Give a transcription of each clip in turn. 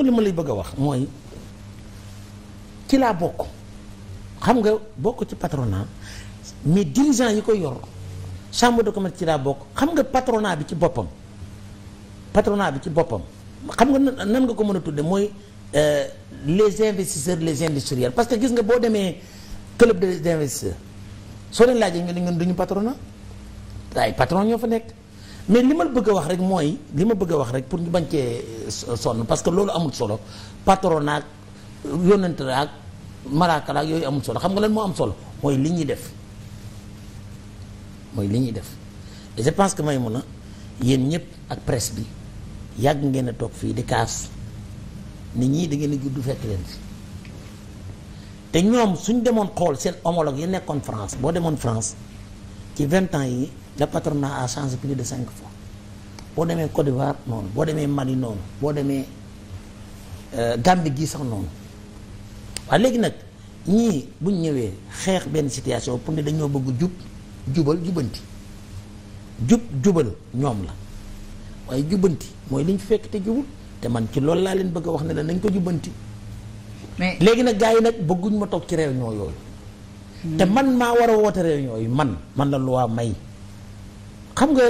xam li ma lay bëgg a wax mooy ci laa bokk xam nga bokk ci patronat mais dirigeant yi koy yor chambre de commerce ci laa bokk xam nga patronat bi ci boppam patronat bi ci boppam xam nga nan nga ko mën a tudde mooy euh, les investisseurs les industriels parce que gis nga boo demee club des investisseurs soo leen laajee ñu ne ñun duñu patronat ay patron ñoo fa nekk mais li ma bëgg a wax rek mooy li ma bëgg a wax rek pour ñu bañ cee euh, sonn parce que loolu amul solo patronat yónnante ak malaaka ak yooyu amul solo xam nga lan moo am solo mooy li ñuy def mooy li ñuy def et je pense que may mun a yéen ñëpp ak presse bi yàgg ngeen a toog fii di kaas nit ñi da ngeen a juddu fekk leen fi te ñoom suñ demoon xool seen homologue yi nekkoon France boo demoon France ci vingt ans yi le patronat a changé plus de cinq fois boo demee Côte d'Ivoire noonu boo demee Mali noonu boo demee euh, Gambie gii sax noonu waaye léegi nag ñii buñ ñëwee xeex benn situation pour ne dañoo bëgg jub jubal jubanti jub jubal ñoom la waaye jubanti mooy liñ fekk te jubul te man ci loolu laa leen bëgg a wax ne la nañ ko jubanti mais léegi nag gars yi nag bëgguñ ma toog ci réunion yooyu hmm. te man maa war a woote réunion yi man man la loi may xam nga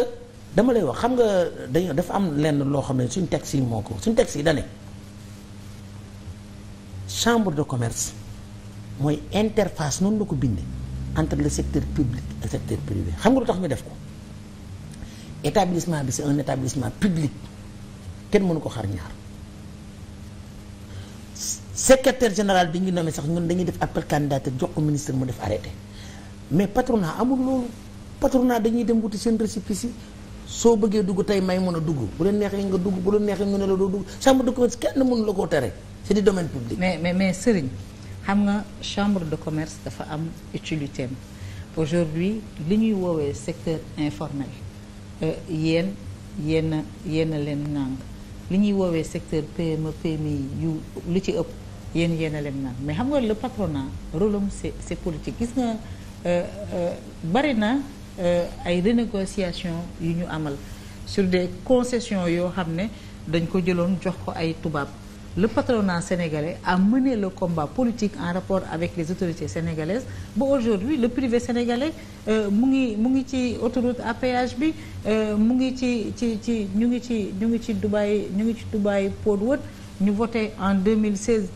dama lay wax xam nga dañu dafa am lenn loo xam ne suñ texte si moo ko suñ texte si dane chambre de commerce mooy interface noonu la ko bindee entre le secteur public et le secteur privé xam nga lu tax ñu def ko établissement bi c'est un établissement public kenn mënu ko xar ñaar secrétaire général bi ñu nommé sax ñun dañuy def appel candidature jox ko ministre mu def arrêté mais patronat amul loolu patronat dañuy dem wuti seen récépissé soo bëggee dugg tey may mën a dugg bu leen neex neexee nga dugg bu leen neexee nga ne la doo dugg chambre de commerce kenn mënu la koo tere c'est du domaine public. mais mais mais xam nga chambre de commerce dafa am utilité am aujourd'hui li ñuy woowee secteur informel euh, yéen yéen yéen leen nang li ñuy woowee secteur PME PMI yu lu ci ëpp yéen yéen a leen mais xam nga le patronat rôle am c'est c'est politique gis nga euh, euh, bari na. Euh, ay renégociation yu ñu amal sur des concessions yoo xam ne dañ ko jëloon jox ko ay tubaab le patronat sénégalais a mené le combat politique en rapport avec les autorités sénégalaises ba aujourd'hui le privé sénégalais euh, mu ngi mu ngi ci autoroute à péage bi euh, mu ngi ci ci ci ñu ngi ci ñu ngi ci Dubaï ñu ngi ci Dubaï Port World ñu voté en 2016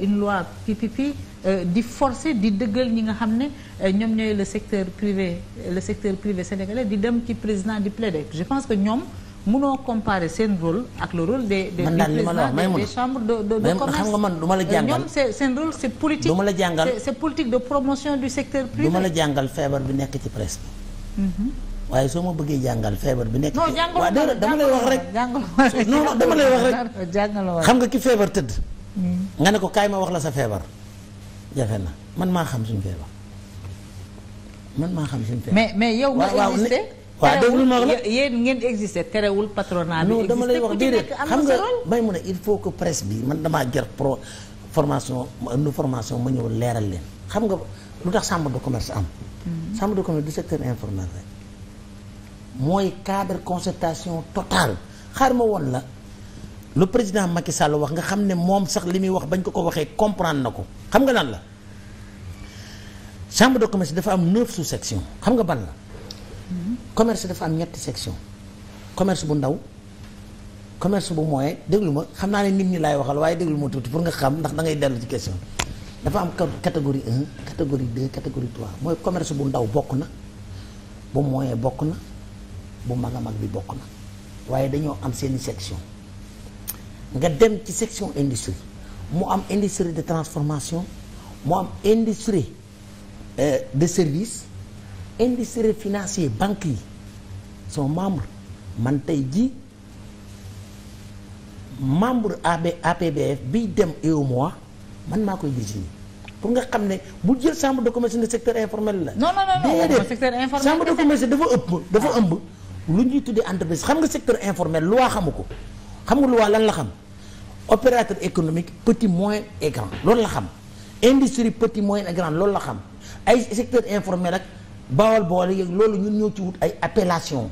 une loi PPP Euh, di forcer di dëggal ñi nga xam ne euh, ñoom ñooy le secteur privé le secteur privé sénégalais di dem ci président di plaider je pense que ñoom mënoo comparer seen rôle ak le rôle des des présidents des chambres de de de commerce xam nga man du ma la euh, jàngal ñoom seen rôle c'est politique du ma la jàngal c'est politique de promotion du secteur privé du ma la jàngal feebar bi nekk ci presse bi mm-hmm. waaye soo ma bëggee jàngal feebar bi nekk waaw dara dama lay wax rek non non dama lay wax rek xam nga ki feebar tëdd mm. nga ne ko kaay ma wax la sa feebar jafe na man maa xam suñu feebar man maa xam suñu feebar. mais mais yow waaw déglu ma la yéen ngeen existé terewul patronat bi. existé dama lay wax xam nga may mu ne il faut que presse bi man damaa jër pro formation nu formation ma ñëw leeral leen xam nga lu tax chambre de commerce am. Mhm. chambre de commerce du secteur informel rek. mooy cadre concertation totale xaar ma woon la. lu président Macky Sall wax nga xam ne moom sax li muy wax bañ ko ko waxee comprendre na ko xam nga lan la chambre de commerce dafa am neuf sous section xam nga ban la commerce dafa am ñetti section commerce bu ndaw commerce bu moyen déglu ma xam naa ne nit ñi laay waxal waaye déglu ma tuuti pour nga xam ndax dangay ngay dellu ci question dafa am catégorie un catégorie deux catégorie trois mooy commerce bu ndaw bokk na bu moyen bokk na bu mag a mag bi bokk na waaye dañoo am seeni section nga dem ci section industrie mu am industrie de transformation mu am industrie euh, de service industrie financier banque yi sont membre man tey ji membre AB APBF biy dem UEMOA man maa koy gis nii pour nga xam ne bu jël chambre de commerce ne secteur informel la. non non non non secteur informel chambre dafa ëpp dafa ah. ëmb lu ñuy tuddee entreprise xam nga secteur informel lu waa xamu ko. xam nga loi lan la xam opérateur économique petit moyen et grand loolu la xam industrie petit moyen et grand loolu la xam ay secteur informel ak bawal boole yeeg loolu ñun ñoo ci wut ay appellation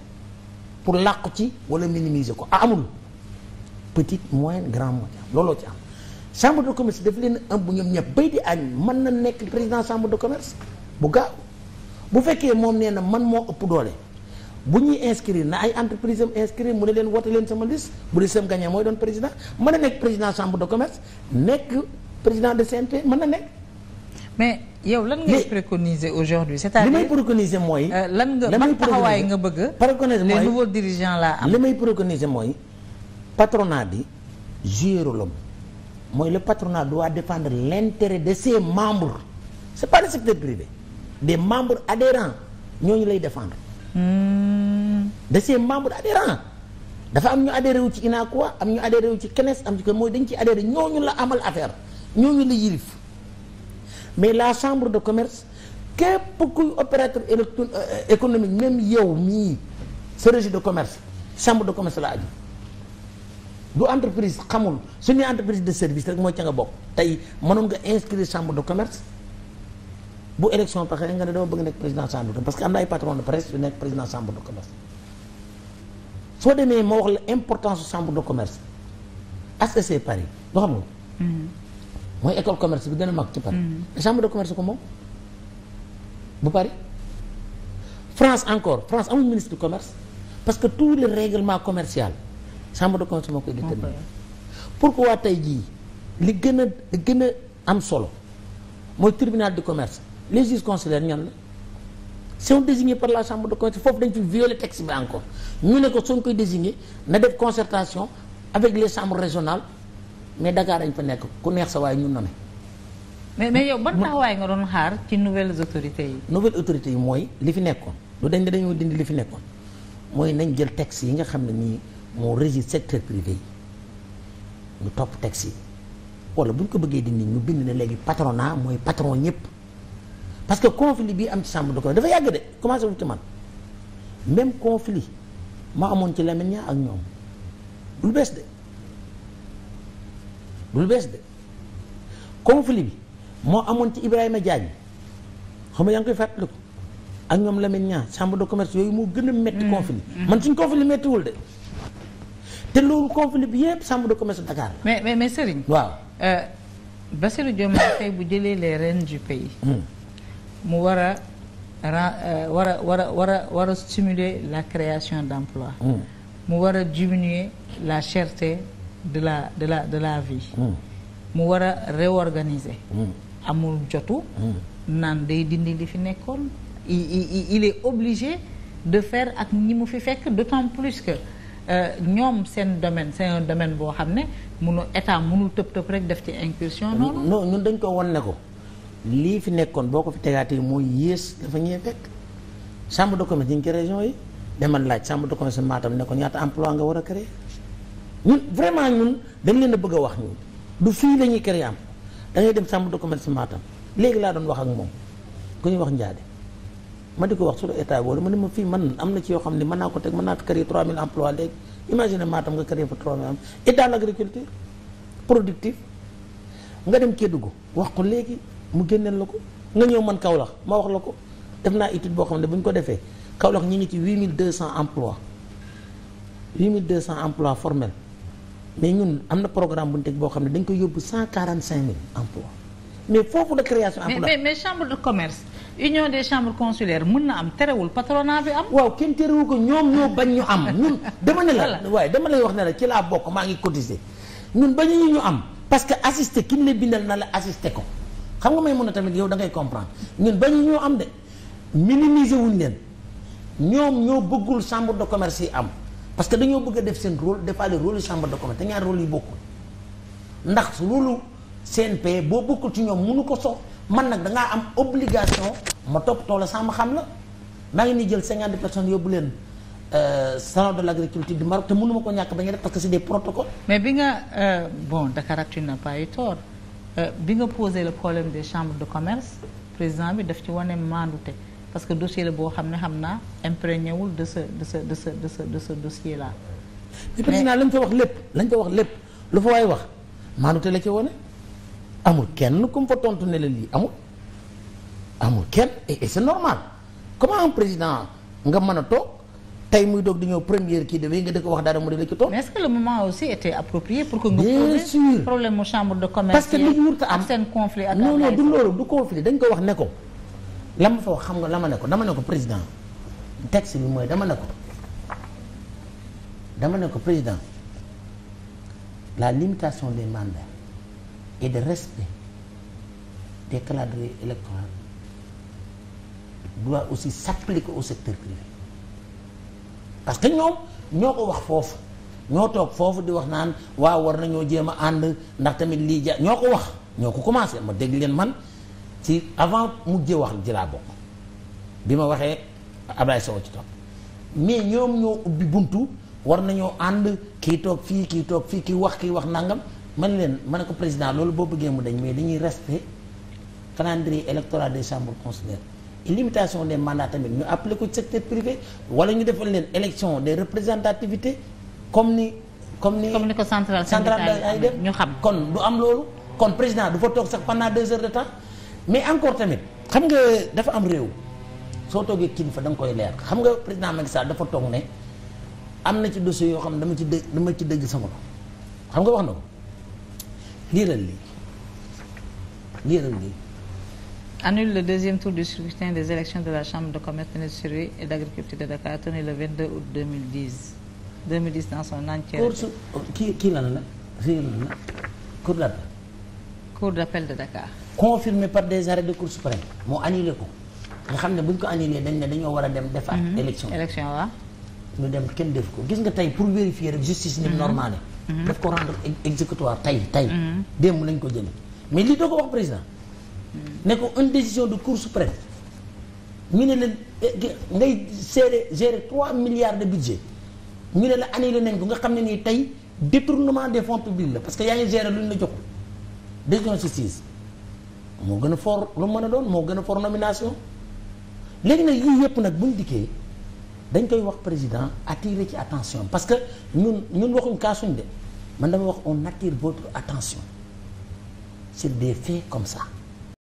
pour làqu ci wala minimiser ko ah amul petit moyen grand moyen looloo ci am chambre de commerce daf leen am bu ñoom ñëpp bay di añ mën na nekk président chambre de commerce bu gaaw bu fekkee moom nee na man moo ëpp doole bu ñuy inscrire na ay entreprise am inscrire mu ne leen woote leen sama liste bu liste am gagné mooy doon président mën na nekk président chambre de commerce nekk président de CNP mën na nekk. mais yow lan ngay préconiser aujourd'hui c'est-à-dire li may préconiser mooy. Euh, lan nga man taxawaay bëgg. préconiser mooy les nouveaux dirigeants laa li may préconiser mooy patronat bi joué rôle mooy le patronat doit défendre l'intérêt de ses membres c'est pas le secteur privé des membres ñoo ñooñu lay défendre. Hmm. de ses membres adhérents dafa am ñu adhéré wu ci UNACOIS am ñu adhéré wu ci CNES am ci ko mooy dañ ci ñoo ñu la amal affaire ñoo ñooñu la yilif mais la chambre de commerce képp kuy opérateur électro euh, économique même yow mii sa registre de commerce chambre de commerce la aju du entreprise xamul suñuy entreprise de service rek mooy ca nga bokk tey mënoon nga inscrire chambre de commerce bu élection taxee nga ne de parce que am na ay patron de presse yu nekk président chambre de commerce soo demee ma wax la importance chambre de commerce HEC Paris loo xam nga. Mm-hmm. mooy école commerce bi gën a mag ci Paris. chambre mm-hmm. de commerce ko moom bu Paris. France encore France amul ministre du commerce parce que tous les règlements commerciaux chambre de commerce moo koy déterminé. pourquoi tey jii li gën a gën a am solo mooy tribunal de commerce. les juges consulaires ñan la sont par la chambre de commerce foofu dañu fi violer texte bi encore ñu ne ko suñ koy désigner na def concertation avec les chambres régionales mais Dakar dañ fa nekk ku neex sa waaye ñun na mais mais yow ban taxawaay nga doon xaar ci nouvelle autorités yi. nouvelles autorités yi mooy li fi nekkoon lu dañ ne dañoo dindi li fi nekkoon mooy nañ jël texte yi nga xam ne nii moo régir secteur privé yi ñu topp texte yi wala bu ñu ko bëggee dindi ñu bind ne léegi patronat mooy patron ñëpp. parce que conflit bi am ci chambre de commerce dafa yàgg de commencé wu ci man même conflit ma amoon ci Lamine ñaa ak ñoom du lu bees de lu bees de conflit bi moo amoon ci Ibrahima Diagne xam nga yaa ngi koy fàttaliku ak ñoom Lamine ñaa chambre de commerce yooyu moo gën a metti mm. conflit mm. man suñ conflit mettiwul de te loolu conflit bi yëpp semble de commerce Dakar la mais mais Serigne waaw euh, Bassirou Diomaye Faye bu jëlee les rênes du pays mm. mu war a ren euh, war a war a war a war a stimuler la création d'emplois mm. mu war a diminuer la cherte de la de la de la vie mm. mu war a réorganiser mm. amul jotu naan day dindi li fi nekkoon il est obligé de fair ak ñi mu fi fekk d'autant plus que euh, ñoom seen domaine c'est un domaine boo xam ne munu état mënul tëb tëb rek def ci incursion noonu non ñun dañ ko wan ne ko lii fi nekkoon boo ko fi tegaatee mooy yées dafa ñëwee fekk chambre de commerce ñu ngi ci région yi demal laaj chambre de commerce Matam ne ko ñaata emploi nga war a créer ñun vraiment ñun dañ leen a bëgg wax ñun du fii la ñuy créer am da ngay dem chambre de commerce maatam léegi laa doon wax ak moom ku ñu wax yi ma di ko wax su sur état boole ma ne ma fii man am na ci yoo xam ne mën naa ko teg mën naa créer 3000 emplois léegi imagine Matam nga créer fa 3000 emplois et dans l'agriculture productive nga dem Kédougou wax ko léegi. mu génneel la ko nga ñëw man Kaolack ma wax la ko def naa étude boo xam ne bu ñu ko defee Kaolack ñu ngi ci 8200 emplois 8200 emplois formels mais ñun am na programme bu ñu boo xam ne dañ ko yóbbu 145000 emplois mais foofu de création. emploi mais mais chambre de commerce union des chambres consulaires mën na am terewul patronat bi am. waaw kenn terewul ko ñoom ñoo bañ ñu am ñun. dama ne la waaye dama lay wax ne la ci laa bokk maa ngi cotiser ñun bañu ñu am parce que assister ki ñu bindal na la assister ko. xam nga may mun a tamit yow da ngay comprendre ngeen bañu ñoo am de minimiser wuñ leen ñoom ñoo bëggul chambre de commerce yi am parce que dañoo bëgg a def seen rôle defaale rôle yu chambre de commerce te ñaar rôle yi bokkul ndax loolu CNP boo bokkul ci ñoom mënu ko so man nag dangaa am obligation ma toppatoo la sama xam la maa ngi nii jël cinquante personnes yóbbu leen euh, salon de l' agriculture du Maroc te mënuma ko ñàkk bañ a def parce que c' est des protocoles. bi nga euh, bon Dakaractu n'a pas eu Euh, bi nga posé le problème de chambres de commerce président bi daf ci wane maandute parce que dossier la boo xam ne xam naa imprégné wul de ce de ce de ce de ce de ce dossier là. mais président lañ fa wax lépp lañ fa wax lépp lu fa waay wax maandute la ci wane amul kenn comme mu fa tontu ne la lii amul amul kenn et c'est normal comment président nga mën a toog. tey muy doog di ñëw première kii de lii nga dëkk wax dara mu di la ci toog. mais est-ce que le moment aussi était approprié pour que. bien sûr problème mu chambre de commerce. parce que li ñu am seen conflit ak non ko wax ne ko. la ma fa xam nga la ma ne ko dama ne ko président texte bi mooy dama ne ko dama ne ko président la limitation des mandats et de respect des calendriers électoraux doit aussi s'appliquer au secteur privé. parce que ñoom ñoo ko wax foofu ñoo toog foofu di wax naan waaw war nañoo jéem a ànd ndax tamit lii ja ñoo ko wax ñoo ko commencé ma dégg leen man ci avant mujjee wax ji bokk bi ma waxee Ablaye Sow ci topp mais ñoom ñoo ubbi buntu war nañoo ànd kii toog fii kii toog fii kii wax kii wax nangam man leen ma ne ko président loolu boo bëggee mu dañ mais dañuy respect calendrier électoral de chambres consulaires limitation des mandats tamit ñu appelé ko secteur privé wala ñu defal leen élection des représentativités comme ni comme ni. comme ni ko central central ay def xam. kon du am loolu kon président du fa toog sax pendant deux heures de temps mais encore tamit xam nga dafa am réew soo toogee kilifa da nga koy leer xam nga président Macky Sall dafa toog ne am na ci dossier yoo xam ne dama ci dë dama ci dëgg sama xam nga wax na ko liiral lii liiral lii. annule le deuxième tour du scrutin des élections de la Chambre de commerce d'industrie et d'agriculture de Dakar tenu le 22 août 2010 2010 dans son entier. la réer la cour d'appel. cour d'appel de Dakar. confirmé par des arrêts de cour suprême moo annulé ko nga xam ne buñ ko annulé dañ ne dañoo war a dem defaat. Mhm. élection élection waaw. ñu dem kenn def ko gis nga tey pour vérifier rek justice ni mu mhm. normal mhm. daf ko rendre exécutoire tey tey. démb lañ ko jëlee mais lii doo ko wax président. ne ko une décision de Cour suprême ñu ne la eh, ngay gérer gérer 3 milliards de budget ñu ne la annulé nañ ko nga xam ne nii tey détournement des fonds publics la parce que yaa ngi gérer lu ñu la joxul décision justice moo gën a fort lu mën a doon moo gën a fort nomination léegi nag yii yëpp nag buñ dikkee dañ koy wax président attirer ci attention parce que ñun ñun waxuñ kaasuñ de man dama wax on attire votre attention sur des faits comme ça